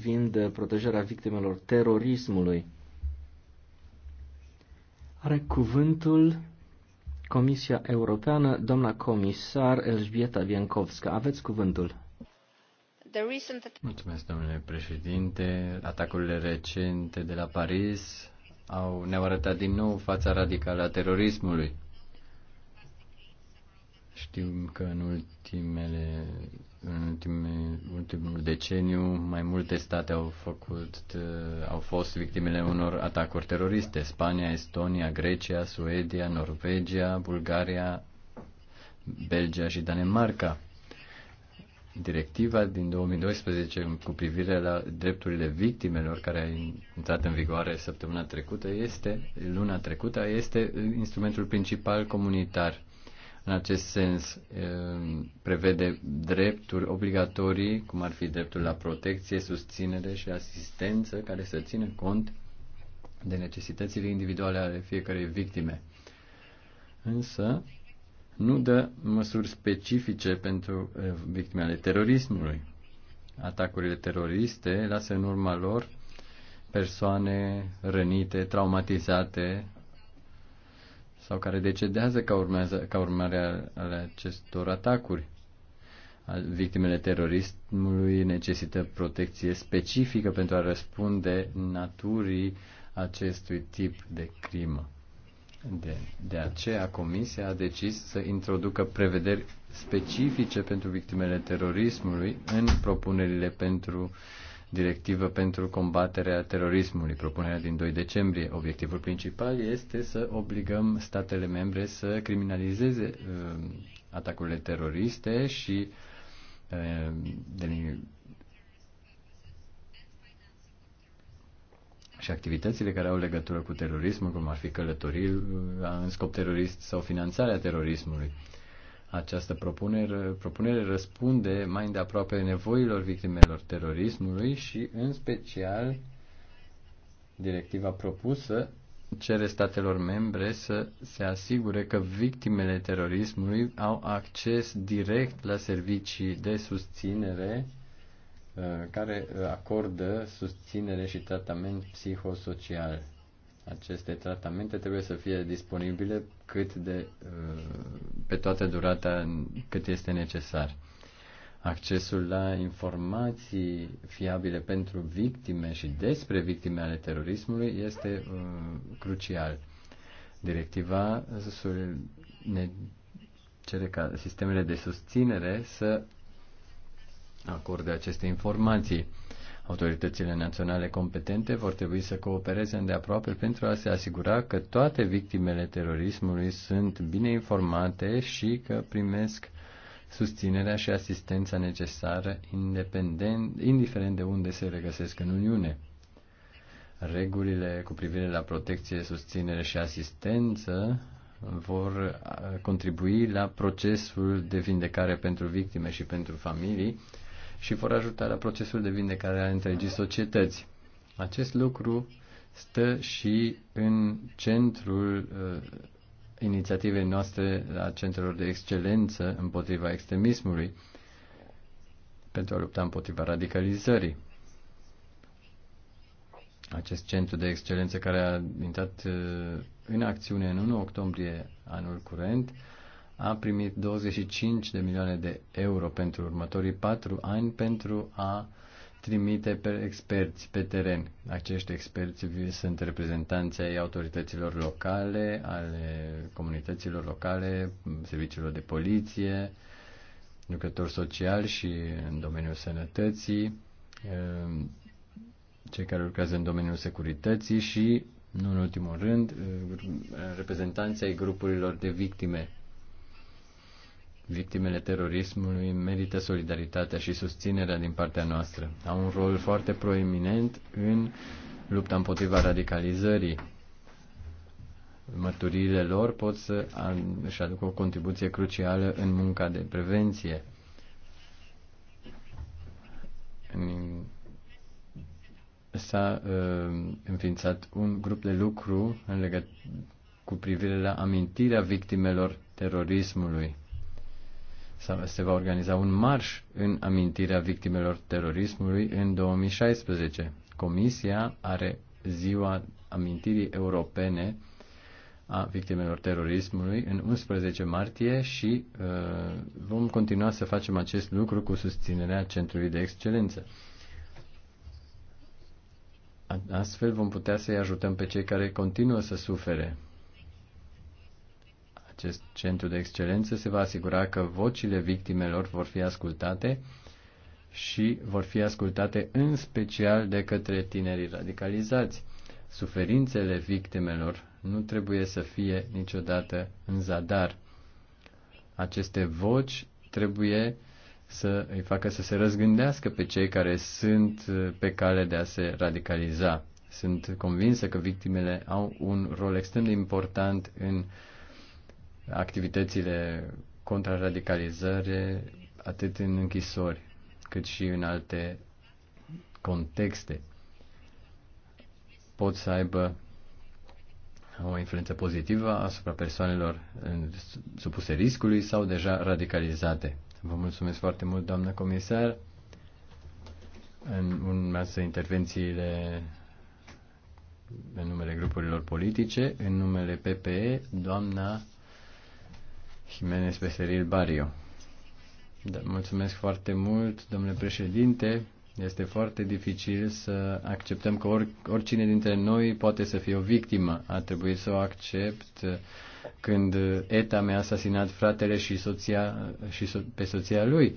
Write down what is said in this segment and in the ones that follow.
privind protejarea victimelor terorismului. Are cuvântul Comisia Europeană, doamna comisar Elżbieta Viencovska. Aveți cuvântul. Mulțumesc, domnule președinte. Atacurile recente de la Paris au, ne-au arătat din nou fața radicală a terorismului știu că în ultimele în ultime, ultimul deceniu mai multe state au făcut uh, au fost victimele unor atacuri teroriste. Spania, Estonia, Grecia, Suedia, Norvegia, Bulgaria, Belgia și Danemarca. Directiva din 2012 cu privire la drepturile victimelor care a intrat în vigoare săptămâna trecută este, luna trecută, este instrumentul principal comunitar în acest sens, ehm, prevede drepturi obligatorii, cum ar fi dreptul la protecție, susținere și asistență, care să țină cont de necesitățile individuale ale fiecărei victime. Însă, nu dă măsuri specifice pentru eh, victime ale terorismului. Atacurile teroriste lasă în urma lor persoane rănite, traumatizate, sau care decedează ca, urmează, ca urmare ale acestor atacuri. Victimele terorismului necesită protecție specifică pentru a răspunde naturii acestui tip de crimă. De, de aceea, Comisia a decis să introducă prevederi specifice pentru victimele terorismului în propunerile pentru uh, directivă pentru combaterea terorismului, propunerea din 2 decembrie. Obiectivul principal este să obligăm statele membre să criminalizeze uh, atacurile teroriste și uh, de, și activitățile care au legătură cu terorismul, cum ar fi călătorii uh, în scop terorist sau finanțarea terorismului. Această propunere, propunere răspunde mai îndeaproape nevoilor victimelor terorismului și, în special, directiva propusă cere statelor membre să se asigure că victimele terorismului au acces direct la servicii de susținere uh, care acordă susținere și tratament psihosocial aceste tratamente trebuie să fie disponibile cât de, uh, pe toată durata cât este necesar. Accesul la informații fiabile pentru victime și despre victime ale terorismului este uh, crucial. Directiva ne cere ca sistemele de susținere să acorde aceste informații Autoritățile naționale competente vor trebui să coopereze îndeaproape pentru a se asigura că toate victimele terorismului sunt bine informate și că primesc susținerea și asistența necesară independent, indiferent de unde se regăsesc în Uniune. Regulile cu privire la protecție, susținere și asistență vor contribui la procesul de vindecare pentru victime și pentru familii și vor ajuta la procesul de vindecare a întregii societăți. Acest lucru stă și în centrul uh, inițiativei noastre a centrelor de excelență împotriva extremismului pentru a lupta împotriva radicalizării. Acest centru de excelență care a intrat uh, în acțiune în 1 octombrie anul curent uh, a primit 25 de milioane de euro pentru următorii patru ani pentru a trimite pe experți pe teren. Acești experți sunt reprezentanții ai autorităților locale, ale comunităților locale, serviciilor de poliție, lucrători sociali și în domeniul sănătății, ehm, cei care lucrează în domeniul securității și, nu în ultimul rând, ehm, reprezentanții ai grupurilor de victime Victimele terorismului merită solidaritatea și susținerea din partea noastră. Au un rol foarte proeminent în lupta împotriva radicalizării. Mărturiile lor pot să își aducă o contribuție crucială în munca de prevenție. S-a uh, înființat un grup de lucru în legătură cu privire la amintirea victimelor terorismului se va organiza un marș în amintirea victimelor terorismului în 2016. Comisia are ziua amintirii europene a victimelor terorismului în 11 martie și uh, vom continua să facem acest lucru cu susținerea Centrului de Excelență. Astfel vom putea să-i ajutăm pe cei care continuă să sufere acest centru de excelență se va asigura că vocile victimelor vor fi ascultate și vor fi ascultate în special de către tinerii radicalizați. Suferințele victimelor nu trebuie să fie niciodată în zadar. Aceste voci trebuie să îi facă să se răzgândească pe cei care sunt uh, pe cale de a se radicaliza. Sunt convinsă că victimele au un rol extrem de important în activitățile contraradicalizare atât în închisori cât și în alte contexte pot să aibă o influență pozitivă asupra persoanelor supuse riscului sau deja radicalizate. Vă mulțumesc foarte mult, doamnă comisar. În urmează intervențiile în numele grupurilor politice, în numele PPE, doamna Jimenez Beseril Barrio. Da, mulțumesc foarte mult, domnule președinte. Este foarte dificil să acceptăm că or, oricine dintre noi poate să fie o victimă. A trebuit să o accept când ETA mi-a asasinat fratele și, soția, și so, pe soția lui.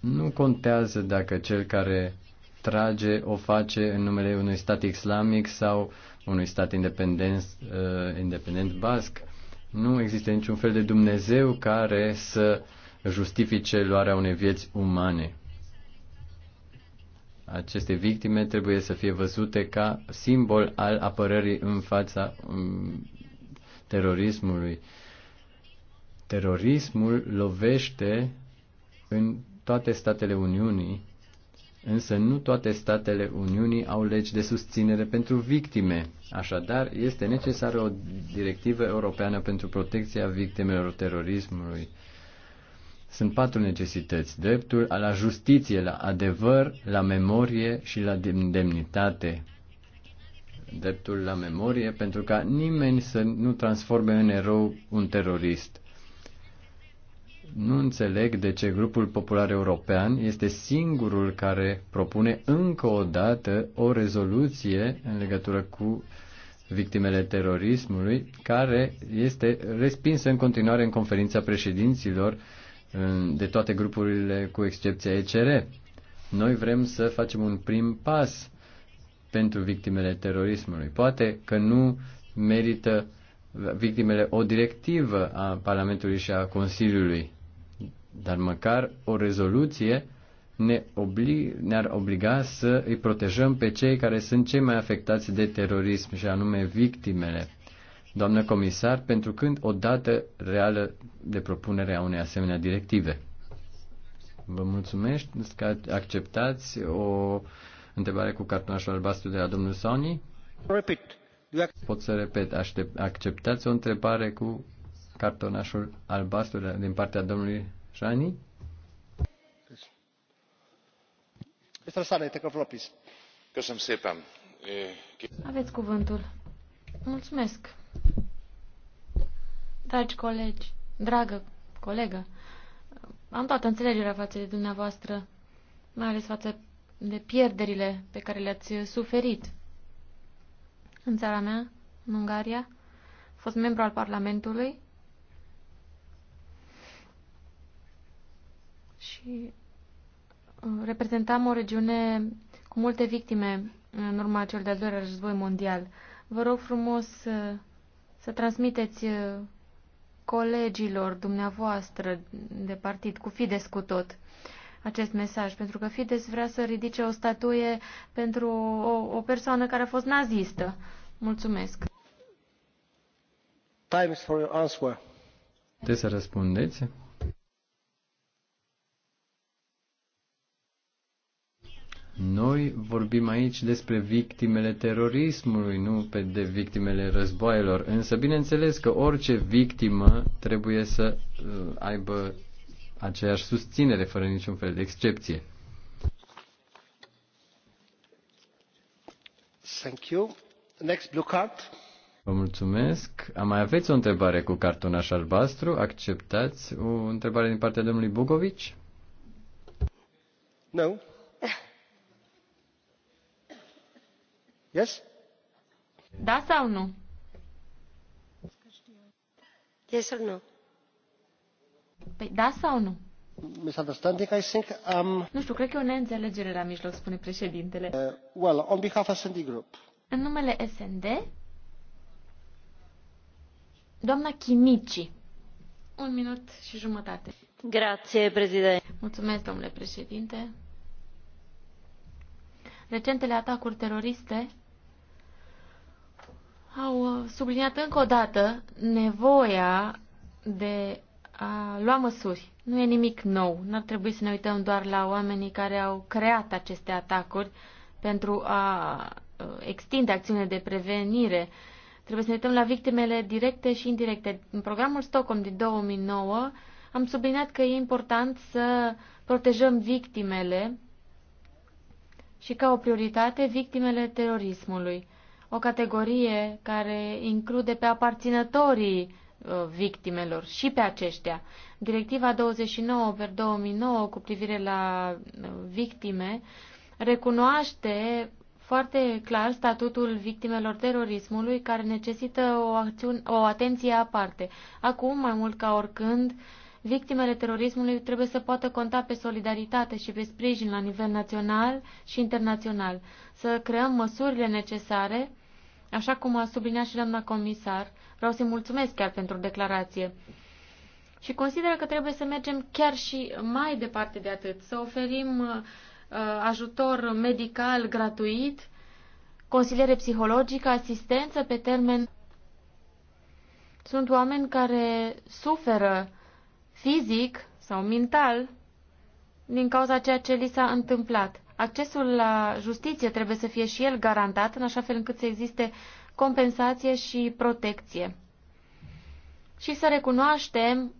Nu contează dacă cel care trage o face în numele unui stat islamic sau unui stat independent, uh, independent basc nu există niciun fel de Dumnezeu care să justifice luarea unei vieți umane. Aceste victime trebuie să fie văzute ca simbol al apărării în fața terorismului. Terorismul lovește în toate statele Uniunii însă nu toate statele Uniunii au legi de susținere pentru victime. Așadar, este necesară o directivă europeană pentru protecția victimelor terorismului. Sunt patru necesități. Dreptul la justiție, la adevăr, la memorie și la demnitate. Dreptul la memorie pentru ca nimeni să nu transforme în erou un terorist nu înțeleg de ce grupul popular european este singurul care propune încă o dată o rezoluție în legătură cu victimele terorismului, care este respinsă în continuare în conferința președinților de toate grupurile, cu excepția ECR. Noi vrem să facem un prim pas pentru victimele terorismului. Poate că nu merită victimele o directivă a Parlamentului și a Consiliului dar măcar o rezoluție ne obli- ne-ar obliga să îi protejăm pe cei care sunt cei mai afectați de terorism, și anume victimele. Doamnă comisar, pentru când o dată reală de propunere a unei asemenea directive? Vă mulțumesc că acceptați o întrebare cu cartonașul albastru de la domnul Sony. Pot să repet, aștept, acceptați o întrebare cu cartonașul albastru din partea domnului Gianni? Aveți cuvântul. Mulțumesc. Dragi colegi, dragă colegă, am toată înțelegerea față de dumneavoastră, mai ales față de pierderile pe care le-ați suferit. În țara mea, în Ungaria, fost membru al Parlamentului și uh, reprezentam o regiune cu multe victime în urma cel de-al doilea război mondial. Vă rog frumos să, să transmiteți uh, colegilor dumneavoastră de partid, cu Fides cu tot, acest mesaj, pentru că Fides vrea să ridice o statuie pentru o, o persoană care a fost nazistă. Mulțumesc. is for your answer. Trebuie să răspundeți? Noi vorbim aici despre victimele terorismului, nu pe de victimele războaielor, însă bineînțeles că orice victimă trebuie să uh, aibă aceeași susținere fără niciun fel de excepție. Thank you. Next blue card. Vă mulțumesc. Mai aveți o întrebare cu cartonaș albastru? Acceptați o întrebare din partea domnului Bugovici? Nu. No. Yes? Da sau nu? Yes or no? Păi da sau nu? I think. Um, nu știu, cred că e o neînțelegere la mijloc, spune președintele. Uh, well, on behalf of SND Group. În numele SND, doamna Chimici. Un minut și jumătate. Grație, președinte. Mulțumesc, domnule președinte. Recentele atacuri teroriste au uh, subliniat încă o dată nevoia de a lua măsuri. Nu e nimic nou. N-ar trebui să ne uităm doar la oamenii care au creat aceste atacuri pentru a uh, extinde acțiunile de prevenire. Trebuie să ne uităm la victimele directe și indirecte. În programul Stockholm din 2009 am subliniat că e important să protejăm victimele și ca o prioritate victimele terorismului o categorie care include pe aparținătorii uh, victimelor și pe aceștia. Directiva 29 per 2009 cu privire la uh, victime recunoaște foarte clar statutul victimelor terorismului care necesită o, acțiune, o atenție aparte. Acum, mai mult ca oricând, victimele terorismului trebuie să poată conta pe solidaritate și pe sprijin la nivel național și internațional, să creăm măsurile necesare Așa cum a subliniat și doamna comisar, vreau să-i mulțumesc chiar pentru declarație. Și consideră că trebuie să mergem chiar și mai departe de atât, să oferim uh, ajutor medical gratuit, consiliere psihologică, asistență pe termen. Sunt oameni care suferă fizic sau mental din cauza ceea ce li s-a întâmplat accesul la justiție trebuie să fie și el garantat, în așa fel încât să existe compensație și protecție. Și să recunoaștem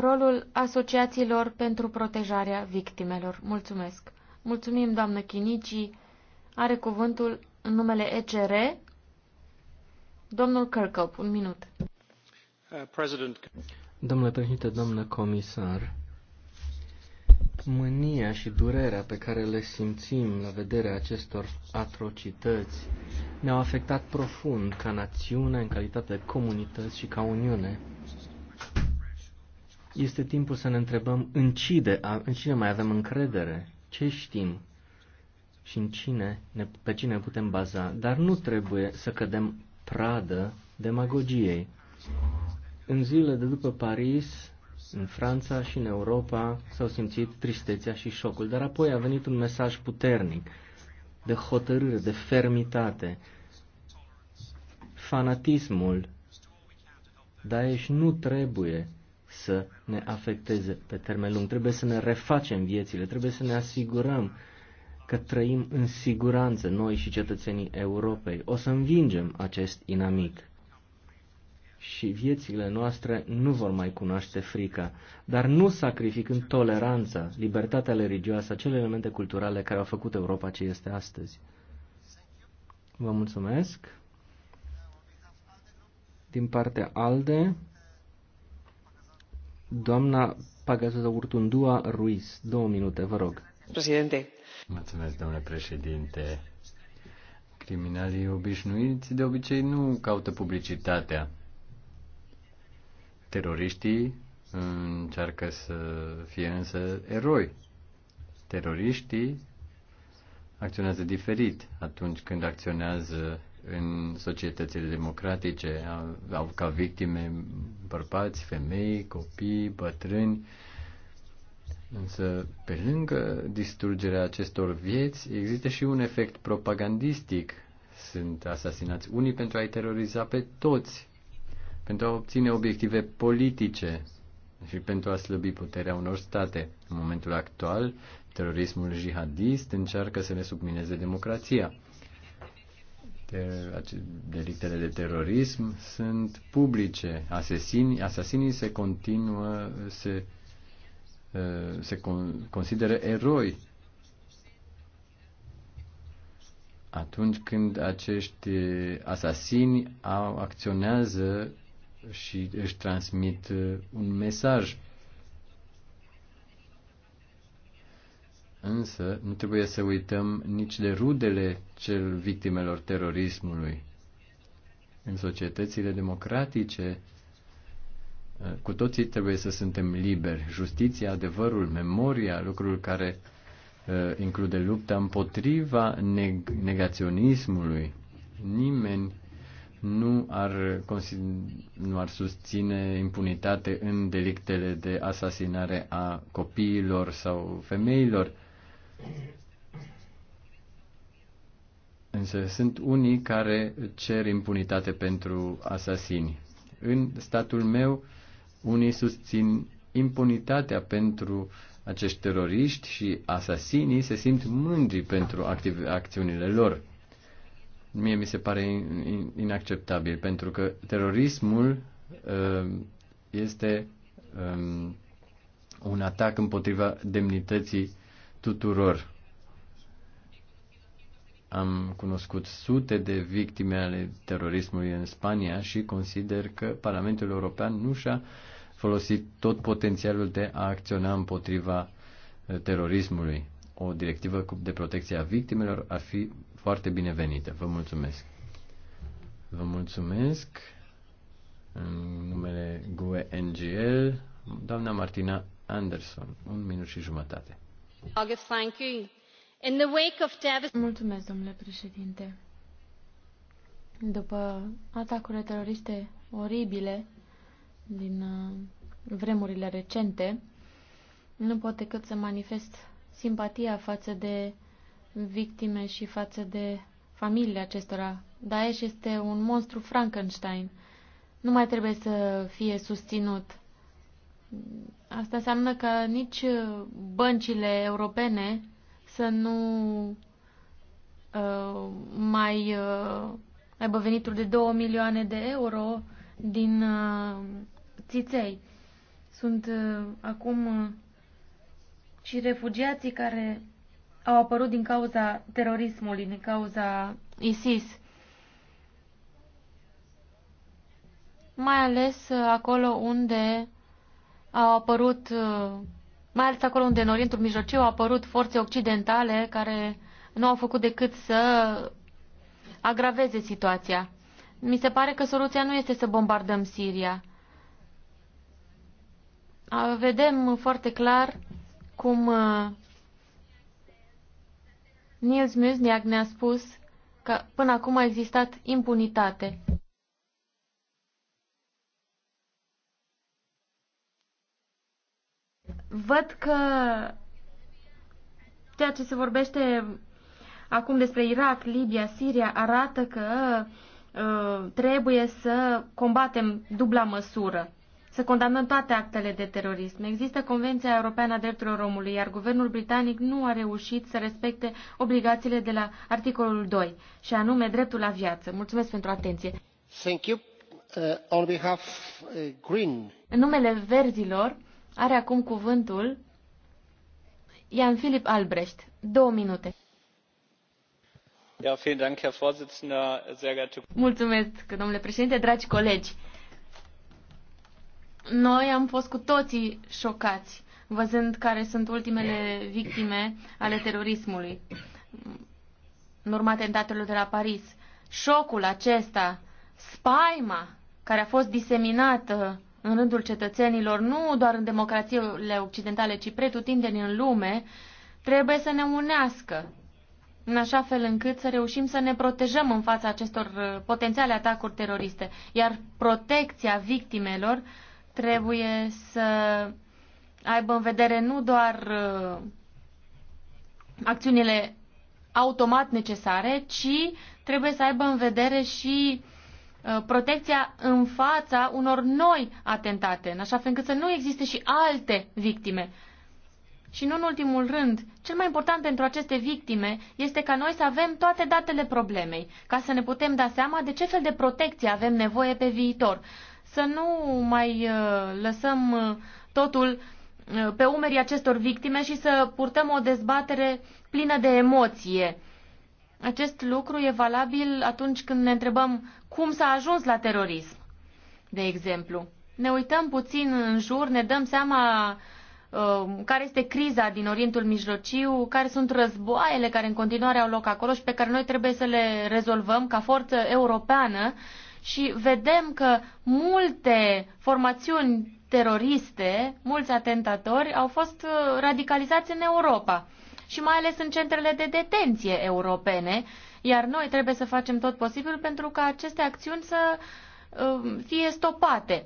rolul asociațiilor pentru protejarea victimelor. Mulțumesc! Mulțumim, doamnă Chinici. Are cuvântul în numele ECR. Domnul Kirkup, un minut. Uh, domnule președinte, domnule comisar, mânia și durerea pe care le simțim la vederea acestor atrocități ne-au afectat profund ca națiune, în calitate de comunități și ca Uniune. Este timpul să ne întrebăm în cine, în cine mai avem încredere, ce știm și în cine, pe cine putem baza, dar nu trebuie să cădem pradă demagogiei. În zilele de după Paris, în Franța și în Europa s-au simțit tristețea și șocul, dar apoi a venit un mesaj puternic de hotărâre, de fermitate. Fanatismul Daesh nu trebuie să ne afecteze pe termen lung. Trebuie să ne refacem viețile, trebuie să ne asigurăm că trăim în siguranță noi și cetățenii Europei. O să învingem acest inamic și viețile noastre nu vor mai cunoaște frica, dar nu sacrificând toleranța, libertatea religioasă, acele elemente culturale care au făcut Europa ce este astăzi. Vă mulțumesc. Din partea ALDE, doamna Pagazuza Urtundua Ruiz. Două minute, vă rog. Președinte. Mulțumesc, domnule președinte. Criminalii obișnuiți de obicei nu caută publicitatea Teroriștii încearcă să fie însă eroi. Teroriștii acționează diferit atunci când acționează în societățile democratice. Au ca victime bărbați, femei, copii, bătrâni. Însă, pe lângă distrugerea acestor vieți, există și un efect propagandistic. Sunt asasinați unii pentru a-i teroriza pe toți pentru a obține obiective politice și pentru a slăbi puterea unor state. În momentul actual, terorismul jihadist încearcă să ne submineze democrația. Delictele de terorism sunt publice. Asesini, asasinii se continuă, se, uh, se consideră eroi atunci când acești asasini au, acționează și își transmit uh, un mesaj. Însă, nu trebuie să uităm nici de rudele cel victimelor terorismului. În societățile democratice, uh, cu toții trebuie să suntem liberi. Justiția, adevărul, memoria, lucrul care uh, include lupta împotriva neg- negaționismului. Nimeni nu ar, nu ar susține impunitate în delictele de asasinare a copiilor sau femeilor. Însă sunt unii care cer impunitate pentru asasini. În statul meu, unii susțin impunitatea pentru acești teroriști și asasinii se simt mândri pentru acțiunile lor mie mi se pare inacceptabil, pentru că terorismul uh, este um, un atac împotriva demnității tuturor. Am cunoscut sute de victime ale terorismului în Spania și consider că Parlamentul European nu și-a folosit tot potențialul de a acționa împotriva uh, terorismului. O directivă de protecție a victimelor ar fi foarte binevenite. Vă mulțumesc. Vă mulțumesc în numele GUE NGL, doamna Martina Anderson, un minut și jumătate. Mulțumesc, domnule președinte. După atacurile teroriste oribile din uh, vremurile recente, nu pot decât să manifest simpatia față de victime și față de familia acestora. Daesh este un monstru Frankenstein. Nu mai trebuie să fie susținut. Asta înseamnă că nici băncile europene să nu uh, mai uh, aibă venituri de 2 milioane de euro din uh, țiței. Sunt uh, acum uh, și refugiații care au apărut din cauza terorismului, din cauza ISIS. Mai ales uh, acolo unde au apărut, uh, mai ales acolo unde în Orientul Mijlociu au apărut forțe occidentale care nu au făcut decât să agraveze situația. Mi se pare că soluția nu este să bombardăm Siria. Vedem foarte clar cum uh, Nils Muzniak ne-a spus că până acum a existat impunitate. Văd că ceea ce se vorbește acum despre Irak, Libia, Siria arată că uh, trebuie să combatem dubla măsură să condamnăm toate actele de terorism. Există Convenția Europeană a Drepturilor Omului, iar guvernul britanic nu a reușit să respecte obligațiile de la articolul 2, și anume dreptul la viață. Mulțumesc pentru atenție. Thank you. Uh, on behalf, uh, Green. În numele verzilor are acum cuvântul Ian Filip Albrecht. Două minute. Ja, vielen Dank, Herr Vorsitzender, sehr geehrte... Mulțumesc, domnule președinte, dragi colegi noi am fost cu toții șocați văzând care sunt ultimele victime ale terorismului în urma atentatelor de la Paris. Șocul acesta, spaima care a fost diseminată în rândul cetățenilor, nu doar în democrațiile occidentale, ci pretutindeni în lume, trebuie să ne unească în așa fel încât să reușim să ne protejăm în fața acestor uh, potențiale atacuri teroriste. Iar protecția victimelor trebuie să aibă în vedere nu doar uh, acțiunile automat necesare, ci trebuie să aibă în vedere și uh, protecția în fața unor noi atentate, în așa fel încât să nu existe și alte victime. Și nu în ultimul rând, cel mai important pentru aceste victime este ca noi să avem toate datele problemei, ca să ne putem da seama de ce fel de protecție avem nevoie pe viitor să nu mai uh, lăsăm uh, totul uh, pe umerii acestor victime și să purtăm o dezbatere plină de emoție. Acest lucru e valabil atunci când ne întrebăm cum s-a ajuns la terorism, de exemplu. Ne uităm puțin în jur, ne dăm seama uh, care este criza din Orientul Mijlociu, care sunt războaiele care în continuare au loc acolo și pe care noi trebuie să le rezolvăm ca forță europeană uh, și vedem că multe formațiuni teroriste, mulți atentatori au fost uh, radicalizați în Europa și mai ales în centrele de detenție europene, iar noi trebuie să facem tot posibil pentru ca aceste acțiuni să uh, fie stopate.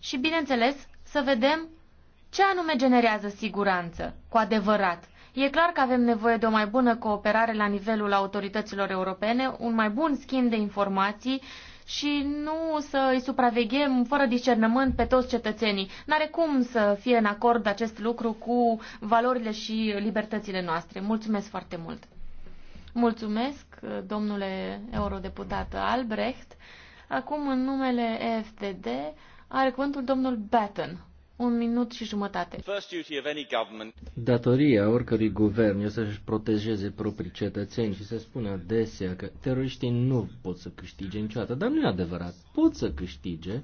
Și, bineînțeles, să vedem ce anume generează siguranță, cu adevărat. E clar că avem nevoie de o mai bună cooperare la nivelul autorităților europene, un mai bun schimb de informații și nu să îi supraveghem fără discernământ pe toți cetățenii. N-are cum să fie în acord acest lucru cu valorile și libertățile noastre. Mulțumesc foarte mult! Mulțumesc, domnule eurodeputat Albrecht. Acum, în numele EFTD, are cuvântul domnul Batten. Un minut și jumătate. Datoria oricărui guvern este să-și protejeze proprii cetățeni și se spune adesea că teroriștii nu pot să câștige niciodată, dar nu e adevărat. Pot să câștige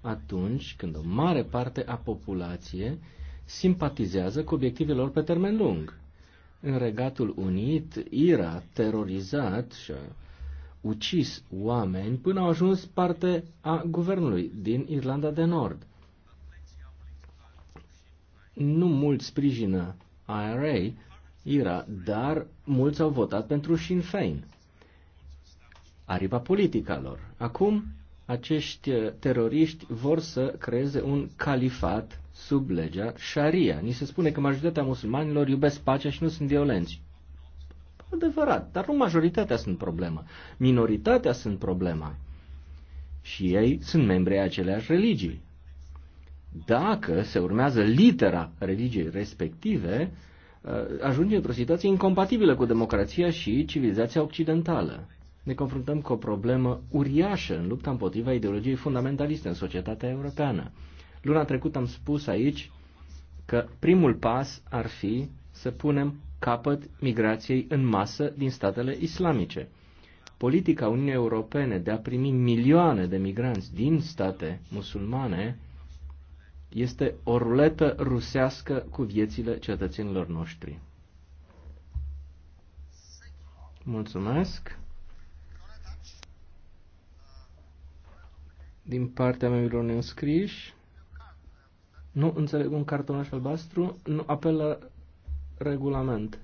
atunci când o mare parte a populației simpatizează cu obiectivele lor pe termen lung. În Regatul Unit, IRA a terorizat și a ucis oameni până au ajuns parte a guvernului din Irlanda de Nord nu mult sprijină IRA, IRA, dar mulți au votat pentru Sinn Féin. Aripa politica lor. Acum, acești uh, teroriști vor să creeze un califat sub legea Sharia. Ni se spune că majoritatea musulmanilor iubesc pacea și nu sunt violenți. Adevărat, dar nu majoritatea sunt problema. Minoritatea sunt problema. Și ei sunt membri ai aceleași religii dacă se urmează litera religiei respective, uh, ajunge într-o situație incompatibilă cu democrația și civilizația occidentală. Ne confruntăm cu o problemă uriașă în lupta împotriva ideologiei fundamentaliste în societatea europeană. Luna trecută am spus aici că primul pas ar fi să punem capăt migrației în masă din statele islamice. Politica Uniunii Europene de a primi milioane de migranți din state musulmane este o ruletă rusească cu viețile cetățenilor noștri. Mulțumesc. Din partea membrilor neînscriși, nu înțeleg un cartonaș albastru, nu apel la regulament.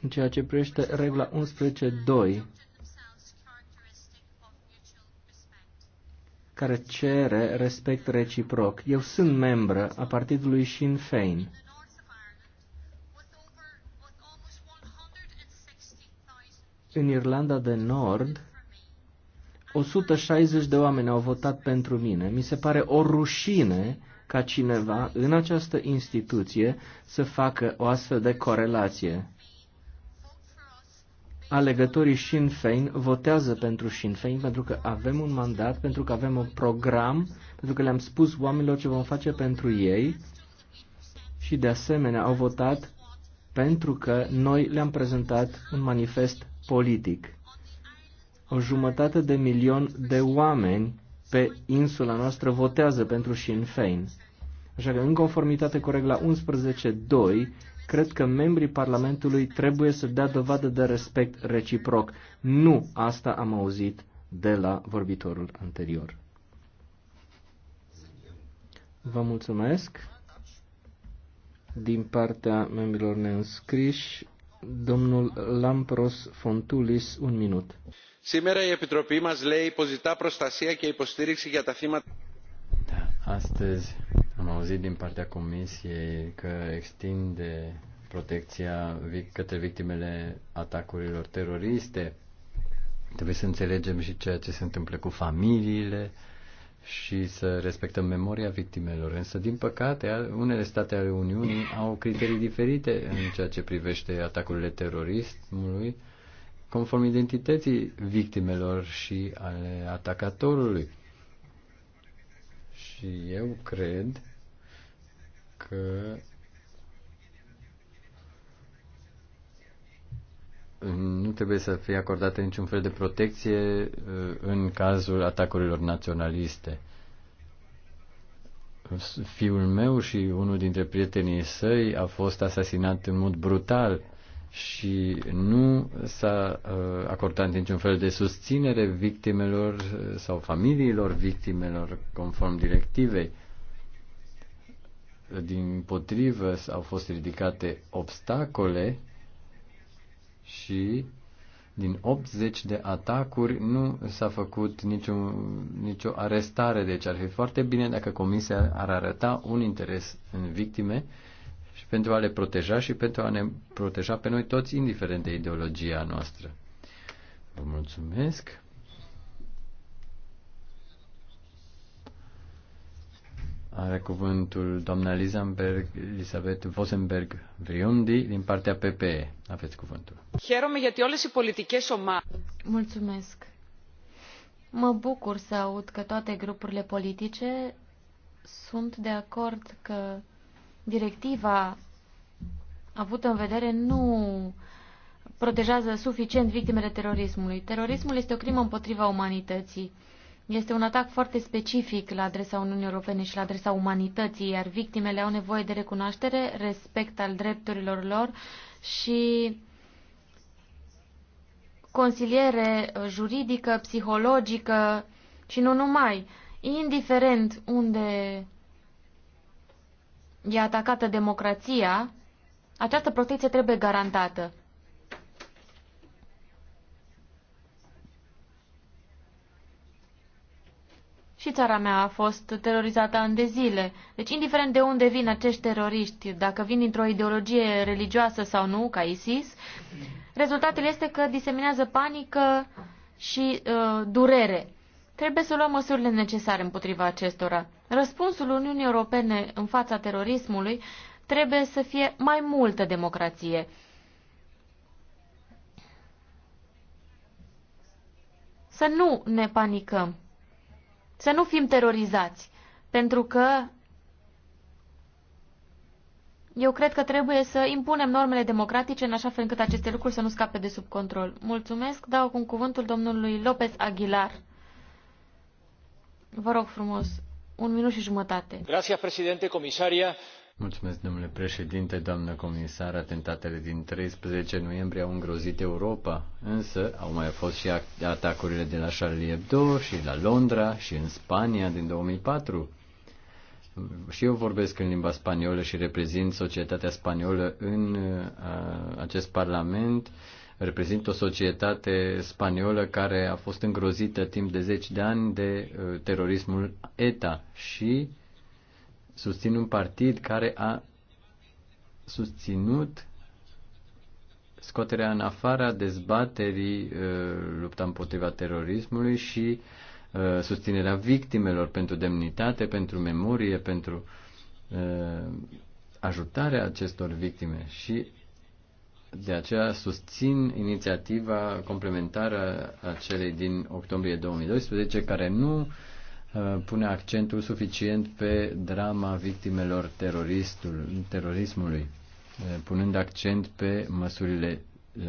În ceea ce privește regula 11.2, care cere respect reciproc. Eu sunt membră a partidului Sinn Féin. În Irlanda de Nord, 160 de oameni au votat pentru mine. Mi se pare o rușine ca cineva în această instituție să facă o astfel de corelație alegătorii Sinn Fein votează pentru Sinn Fein pentru că avem un mandat, pentru că avem un program, pentru că le-am spus oamenilor ce vom face pentru ei și de asemenea au votat pentru că noi le-am prezentat un manifest politic. O jumătate de milion de oameni pe insula noastră votează pentru Sinn Fein. Așa că, în conformitate cu regla 11.2, cred că membrii Parlamentului trebuie să dea dovadă de respect reciproc. Nu asta am auzit de la vorbitorul anterior. Vă mulțumesc. Din partea membrilor neînscriși, domnul Lampros Fontulis, un minut. Sîmera i Επιτροπή μας λέει πως ζητά προστασία και υποστήριξη για Astăzi am auzit din partea Comisiei că extinde protecția către victimele atacurilor teroriste. Trebuie să înțelegem și ceea ce se întâmplă cu familiile și să respectăm memoria victimelor. Însă, din păcate, unele state ale Uniunii au criterii diferite în ceea ce privește atacurile terorismului, conform identității victimelor și ale atacatorului și eu cred că nu trebuie să fie acordată niciun fel de protecție uh, în cazul atacurilor naționaliste. Fiul meu și unul dintre prietenii săi a fost asasinat în mod brutal și nu s-a uh, acordat niciun fel de susținere victimelor uh, sau familiilor victimelor conform directivei. Din potrivă, au fost ridicate obstacole și din 80 de atacuri nu s-a făcut niciun, nicio arestare, deci ar fi foarte bine dacă comisia ar arăta un interes în victime și pentru a le proteja și pentru a ne proteja pe noi toți, indiferent de ideologia noastră. Vă mulțumesc! Are cuvântul doamna Elisabeth Elisabeth Vosenberg Vriundi din partea PPE. Aveți cuvântul. Mulțumesc. Mă bucur să aud că toate grupurile politice sunt de acord că Directiva avută în vedere nu protejează suficient victimele terorismului. Terorismul este o crimă împotriva umanității. Este un atac foarte specific la adresa Uniunii Europene și la adresa umanității, iar victimele au nevoie de recunoaștere, respect al drepturilor lor și consiliere juridică, psihologică și nu numai, indiferent unde e atacată democrația, această protecție trebuie garantată. Și țara mea a fost terorizată ani de zile. Deci, indiferent de unde vin acești teroriști, dacă vin dintr-o ideologie religioasă sau nu, ca ISIS, rezultatul este că diseminează panică și uh, durere. Trebuie să luăm măsurile necesare împotriva acestora. Răspunsul Uniunii Europene în fața terorismului trebuie să fie mai multă democrație. Să nu ne panicăm, să nu fim terorizați, pentru că eu cred că trebuie să impunem normele democratice în așa fel încât aceste lucruri să nu scape de sub control. Mulțumesc. Dau acum cuvântul domnului Lopez Aguilar. Vă rog frumos, un minut și jumătate. președinte, Mulțumesc, domnule președinte, doamnă comisar. Atentatele din 13 noiembrie au îngrozit Europa, însă au mai fost și atacurile de la Charlie Hebdo și la Londra și în Spania din 2004. Și eu vorbesc în limba spaniolă și reprezint societatea spaniolă în uh, acest parlament reprezintă o societate spaniolă care a fost îngrozită timp de zeci de ani de uh, terorismul ETA și susțin un partid care a susținut scoterea în afara dezbaterii uh, lupta împotriva terorismului și uh, susținerea victimelor pentru demnitate, pentru memorie, pentru ajutarea acestor victime și de aceea susțin inițiativa complementară a celei din octombrie 2012, care nu uh, pune accentul suficient pe drama victimelor terorismului, uh, punând accent pe măsurile uh,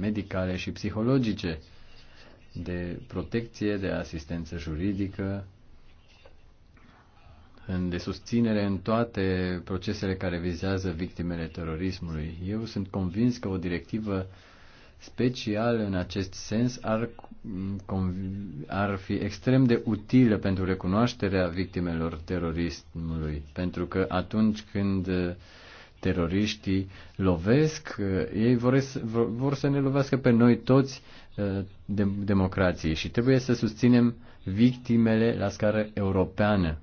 medicale și psihologice de protecție, de asistență juridică de susținere în toate procesele care vizează victimele terorismului. Eu sunt convins că o directivă specială în acest sens ar, ar fi extrem de utilă pentru recunoașterea victimelor terorismului, pentru că atunci când uh, teroriștii lovesc, uh, ei vor, vor să ne lovească pe noi toți uh, de, democrației și trebuie să susținem victimele la scară europeană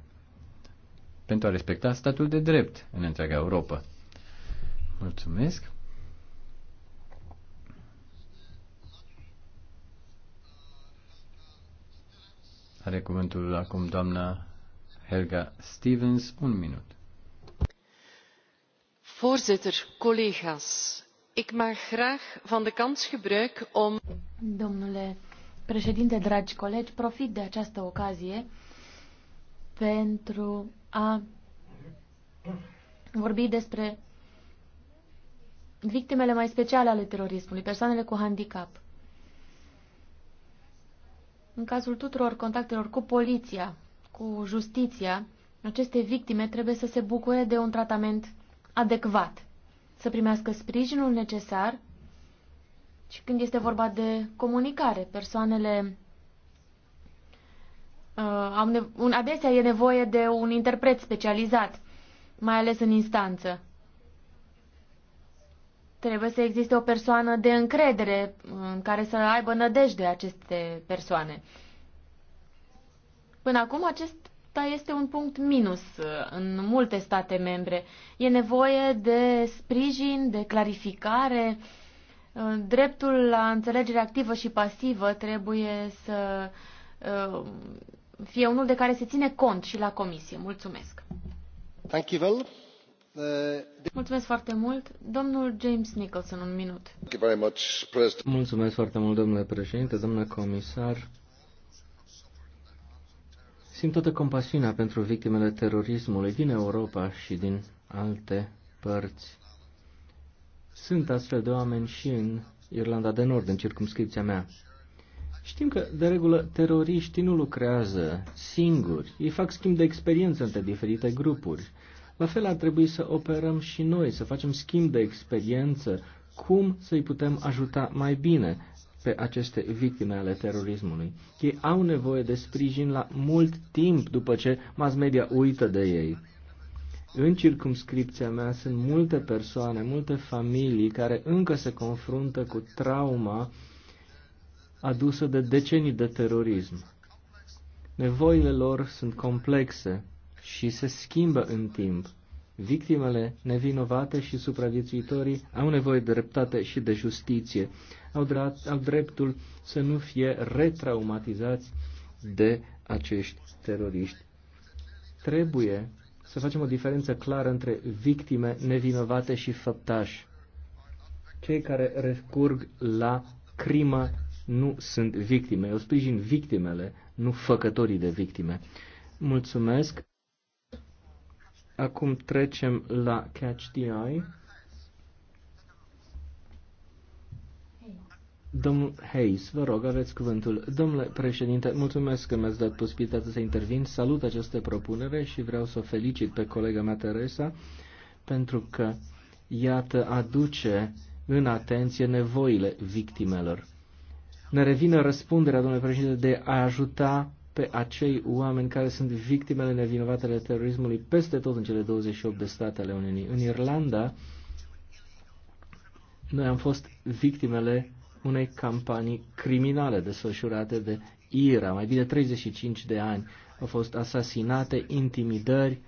pentru a respecta statul de drept în întreaga Europa. Mulțumesc. Are cuvântul acum doamna Helga Stevens, un minut. Voorzitter, collega's, ik maak graag van de kans gebruik om. Domnule președinte, dragi colegi, profit de această ocazie pentru a vorbi despre victimele mai speciale ale terorismului, persoanele cu handicap. În cazul tuturor contactelor cu poliția, cu justiția, aceste victime trebuie să se bucure de un tratament adecvat, să primească sprijinul necesar și când este vorba de comunicare, persoanele Uh, adesea e nevoie de un interpret specializat, mai ales în instanță. Trebuie să existe o persoană de încredere în uh, care să aibă nădejde aceste persoane. Până acum acesta este un punct minus uh, în multe state membre. E nevoie de sprijin, de clarificare. Dreptul la înțelegere activă și pasivă trebuie să fie unul de care se ține cont și la comisie. Mulțumesc! Thank you well. Uh, Mulțumesc foarte mult. Domnul James Nicholson, un minut. Mulțumesc foarte mult, domnule președinte, domnule comisar. Simt toată compasiunea pentru victimele terorismului din Europa și din alte părți. Sunt astfel de oameni și în Irlanda de Nord, în circumscripția mea. Știm că, de regulă, teroriștii nu lucrează singuri. Ei fac schimb de experiență între diferite grupuri. La fel ar trebui să operăm și noi, să facem schimb de experiență, cum să-i putem ajuta mai bine pe aceste victime ale terorismului. Ei au nevoie de sprijin la mult timp după ce mass media uită de ei. În circumscripția mea sunt multe persoane, multe familii care încă se confruntă cu trauma adusă de decenii de terorism. Nevoile lor sunt complexe și se schimbă în timp. Victimele nevinovate și supraviețuitorii au nevoie de dreptate și de justiție. Au, drept, au dreptul să nu fie retraumatizați de acești teroriști. Trebuie să facem o diferență clară între victime nevinovate și făptași. Cei care recurg la crimă nu sunt victime. Eu sprijin victimele, nu făcătorii de victime. Mulțumesc. Acum trecem la Catch the Eye. Domnul Hayes, vă rog, aveți cuvântul. Domnule președinte, mulțumesc că mi-ați dat posibilitatea să intervin. Salut această propunere și vreau să o felicit pe colega mea, Teresa, pentru că, iată, aduce în atenție nevoile victimelor ne revină răspunderea, domnule președinte, de a ajuta pe acei oameni care sunt victimele nevinovate ale terorismului peste tot în cele 28 de state ale Uniunii. În Irlanda, noi am fost victimele unei campanii criminale desfășurate de IRA. Mai bine 35 de ani au fost asasinate, intimidări,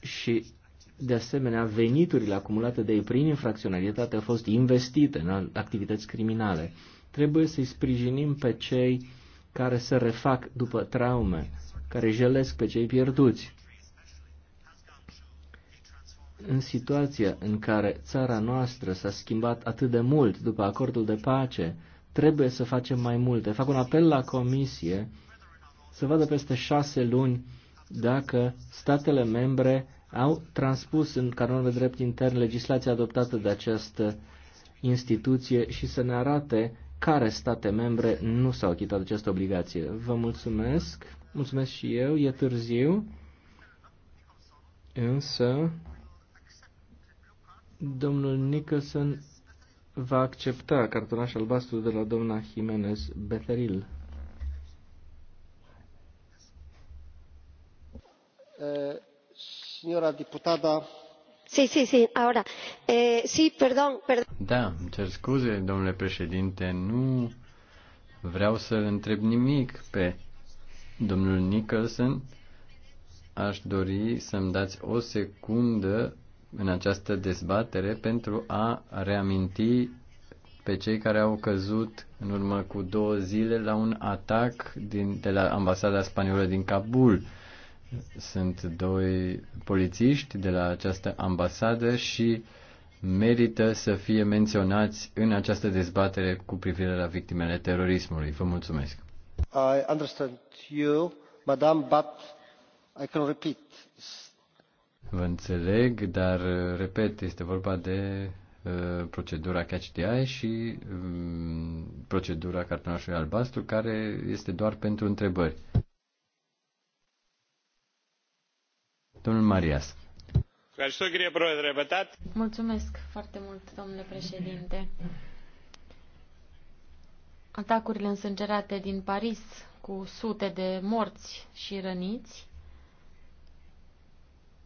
și de asemenea, veniturile acumulate de ei prin infracționalitate au fost investite în activități criminale. Trebuie să-i sprijinim pe cei care se refac după traume, care jelesc pe cei pierduți. În situația în care țara noastră s-a schimbat atât de mult după acordul de pace, trebuie să facem mai multe. Fac un apel la Comisie să vadă peste șase luni dacă statele membre au transpus în canonul de drept intern legislația adoptată de această instituție și să ne arate care state membre nu s-au achitat această obligație. Vă mulțumesc, mulțumesc și eu, e târziu, însă domnul Nicholson va accepta cartonaș albastru de la doamna Jimenez Beteril. Uh. Eh, Eh, da, cer scuze, domnule președinte, nu vreau să întreb nimic pe domnul Nicholson. Aș dori să-mi dați o secundă în această dezbatere pentru a reaminti pe cei care au căzut în urmă cu două zile la un atac din, de la ambasada spaniolă din Kabul sunt doi polițiști de la această ambasadă și merită să fie menționați în această dezbatere cu privire la victimele terorismului. Vă mulțumesc. I understand you, madam, but I can repeat. Vă înțeleg, dar repet, este vorba de uh, procedura Catch the Eye și um, procedura cartonașului albastru, care este doar pentru întrebări. Domnul Mulțumesc foarte mult, domnule președinte. Atacurile însângerate din Paris cu sute de morți și răniți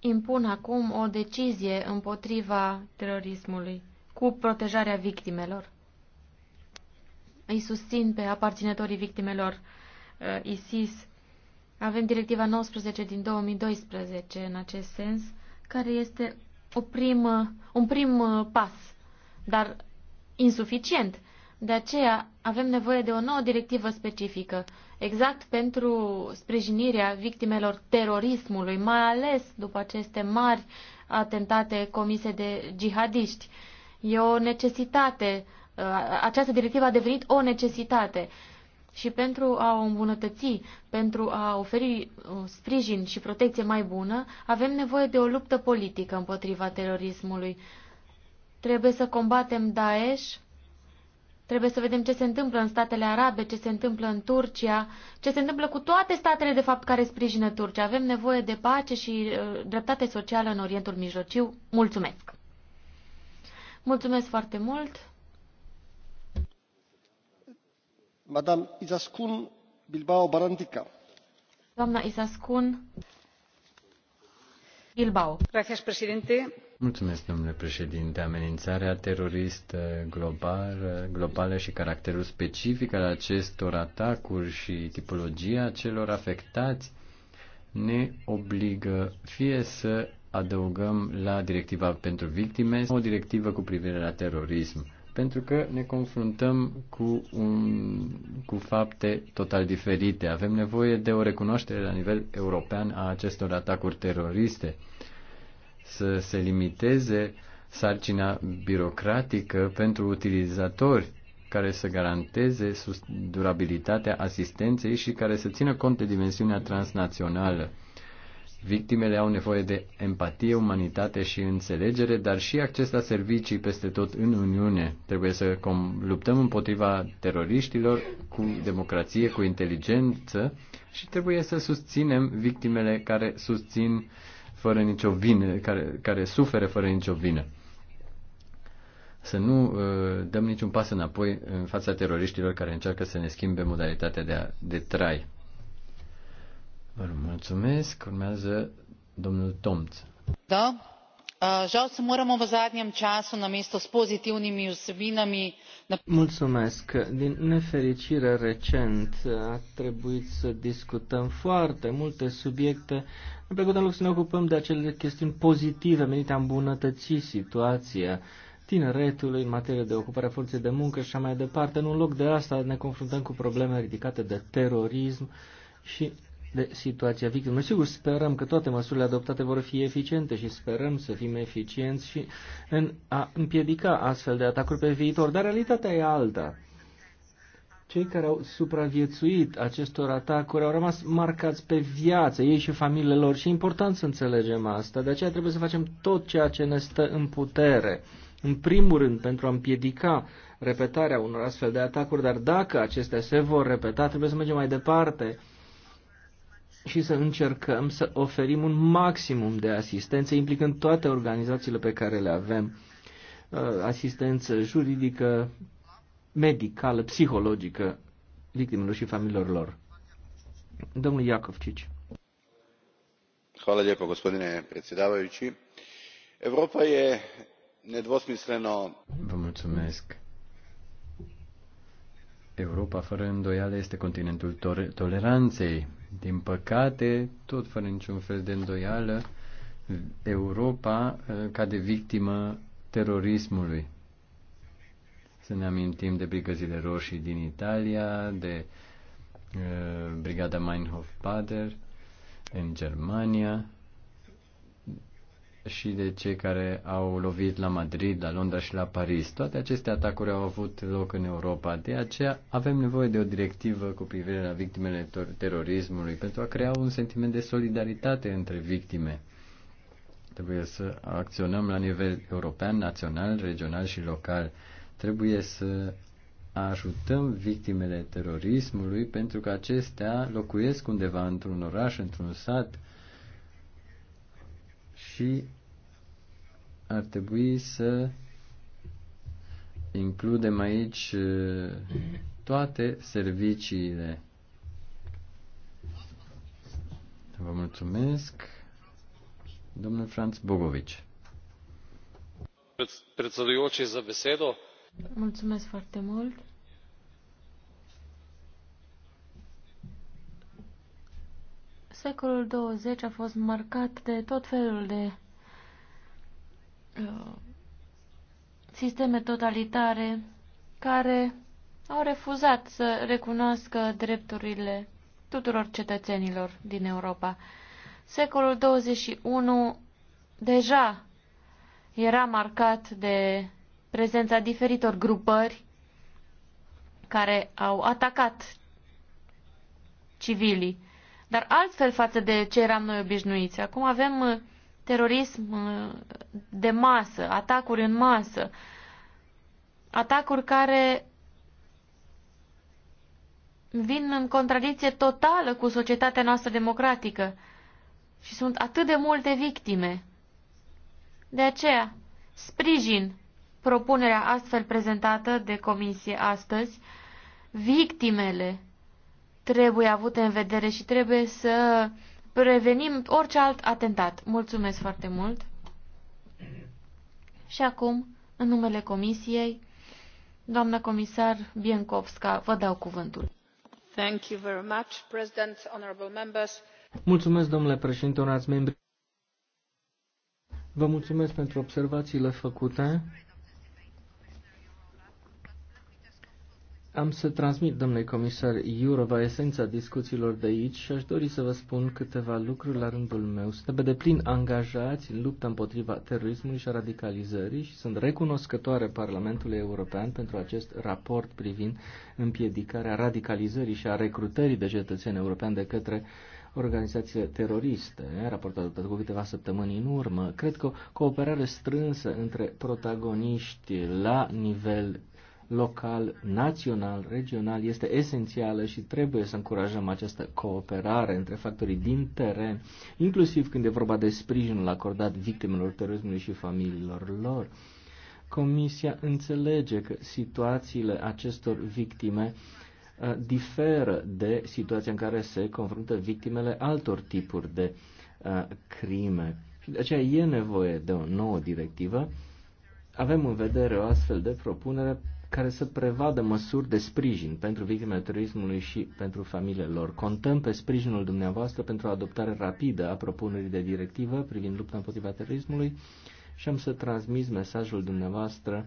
impun acum o decizie împotriva terorismului cu protejarea victimelor. Îi susțin pe aparținătorii victimelor uh, ISIS avem directiva 19 din 2012 în acest sens, care este o primă, un prim uh, pas, dar insuficient. De aceea avem nevoie de o nouă directivă specifică, exact pentru sprijinirea victimelor terorismului, mai ales după aceste mari atentate comise de jihadiști. E o necesitate. Uh, această directivă a devenit o necesitate și pentru a o îmbunătăți, pentru a oferi uh, sprijin și protecție mai bună, avem nevoie de o luptă politică împotriva terorismului. Trebuie să combatem Daesh, trebuie să vedem ce se întâmplă în statele arabe, ce se întâmplă în Turcia, ce se întâmplă cu toate statele, de fapt, care sprijină Turcia. Avem nevoie de pace și uh, dreptate socială în Orientul Mijlociu. Mulțumesc! Mulțumesc foarte mult! domnule președinte amenințarea teroristă globală, globală și caracterul specific al acestor atacuri și tipologia celor afectați ne obligă fie să adăugăm la directiva pentru victime o directivă cu privire la terorism pentru că ne confruntăm cu, un, cu fapte total diferite. Avem nevoie de o recunoaștere la nivel european a acestor atacuri teroriste, să se limiteze sarcina birocratică pentru utilizatori care să garanteze durabilitatea asistenței și care să țină cont de dimensiunea transnațională. Victimele au nevoie de empatie, umanitate și înțelegere, dar și acces la servicii peste tot în Uniune. Trebuie să luptăm împotriva teroriștilor cu democrație, cu inteligență și trebuie să susținem victimele care susțin fără nicio vină, care, care suferă fără nicio vină. Să nu uh, dăm niciun pas înapoi în fața teroriștilor care încearcă să ne schimbe modalitatea de, a, de trai. Vă mulțumesc. Urmează domnul Tomț. Da. Žal se moramo v zadnjem času namesto s pozitivnimi vsebinami. Mulțumesc. Din nefericire recent a trebuit să discutăm foarte multe subiecte pe plăcut în loc să ne ocupăm de acele chestiuni pozitive menite a îmbunătăți situația tineretului în materie de ocupare a forței de muncă și așa mai departe. În loc de asta ne confruntăm cu probleme ridicate de terorism și de situația victimelor. Sigur, sperăm că toate măsurile adoptate vor fi eficiente și sperăm să fim eficienți și în a împiedica astfel de atacuri pe viitor, dar realitatea e alta. Cei care au supraviețuit acestor atacuri au rămas marcați pe viață, ei și familiile lor, și e important să înțelegem asta. De aceea trebuie să facem tot ceea ce ne stă în putere. În primul rând, pentru a împiedica repetarea unor astfel de atacuri, dar dacă acestea se vor repeta, trebuie să mergem mai departe și să încercăm să oferim un maximum de asistență, implicând toate organizațiile pe care le avem, uh, asistență juridică, medicală, psihologică victimelor și familiilor lor. Domnul Iacovcici. Hvala lijepo, gospodine predsjedavajući. Europa je nedvosmisleno... Vă mulțumesc. Europa, fără îndoială, este continentul toleranței, din păcate, tot fără niciun fel de îndoială, Europa uh, cade victimă terorismului. Să ne amintim de brigăzile roșii din Italia, de uh, brigada meinhof pader în Germania, și de cei care au lovit la Madrid, la Londra și la Paris. Toate aceste atacuri au avut loc în Europa. De aceea avem nevoie de o directivă cu privire la victimele terorismului pentru a crea un sentiment de solidaritate între victime. Trebuie să acționăm la nivel european, național, regional și local. Trebuie să ajutăm victimele terorismului pentru că acestea locuiesc undeva într-un oraș, într-un sat, și ar trebui să includem aici uh, toate serviciile. Vă mulțumesc, domnul Franz Bogovici. Mulțumesc foarte mult. Secolul 20 a fost marcat de tot felul de uh, sisteme totalitare care au refuzat să recunoască drepturile tuturor cetățenilor din Europa. Secolul 21 deja era marcat de prezența diferitor grupări care au atacat civilii dar altfel față de ce eram noi obișnuiți. Acum avem uh, terorism uh, de masă, atacuri în masă, atacuri care vin în contradicție totală cu societatea noastră democratică și sunt atât de multe victime. De aceea, sprijin propunerea astfel prezentată de comisie astăzi, victimele trebuie avute în vedere și trebuie să prevenim orice alt atentat. Mulțumesc foarte mult! Și acum, în numele Comisiei, doamna comisar Biencovska, vă dau cuvântul. Thank you very much, President, honorable members. Mulțumesc, domnule președinte, onorați membri. Vă mulțumesc pentru observațiile făcute. Am să transmit, domnule comisar Iurova, esența discuțiilor de aici și aș dori să vă spun câteva lucruri la rândul meu. Suntem de plin angajați în lupta împotriva terorismului și a radicalizării și sunt recunoscătoare Parlamentului European pentru acest raport privind împiedicarea radicalizării și a recrutării de cetățeni europeni de către organizațiile teroriste, raport adoptat cu câteva săptămâni în urmă. Cred că o cooperare strânsă între protagoniști la nivel local, național, regional este esențială și trebuie să încurajăm această cooperare între factorii din teren, inclusiv când e vorba de sprijinul acordat victimelor terorismului și familiilor lor. Comisia înțelege că situațiile acestor victime uh, diferă de situația în care se confruntă victimele altor tipuri de uh, crime. Și de aceea e nevoie de o nouă directivă. Avem în vedere o astfel de propunere care să prevadă măsuri de sprijin pentru victimele terorismului și pentru familiile lor. Contăm pe sprijinul dumneavoastră pentru o adoptare rapidă a propunerii de directivă privind lupta împotriva terorismului și am să transmis mesajul dumneavoastră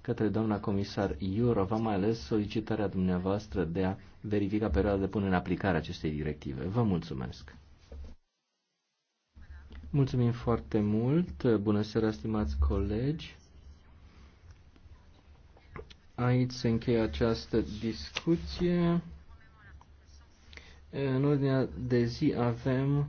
către doamna comisar Iurova, mai ales solicitarea dumneavoastră de a verifica perioada de punere în aplicare acestei directive. Vă mulțumesc! Mulțumim foarte mult! Bună seara, stimați colegi! Aici se încheie această discuție. În ordinea de zi avem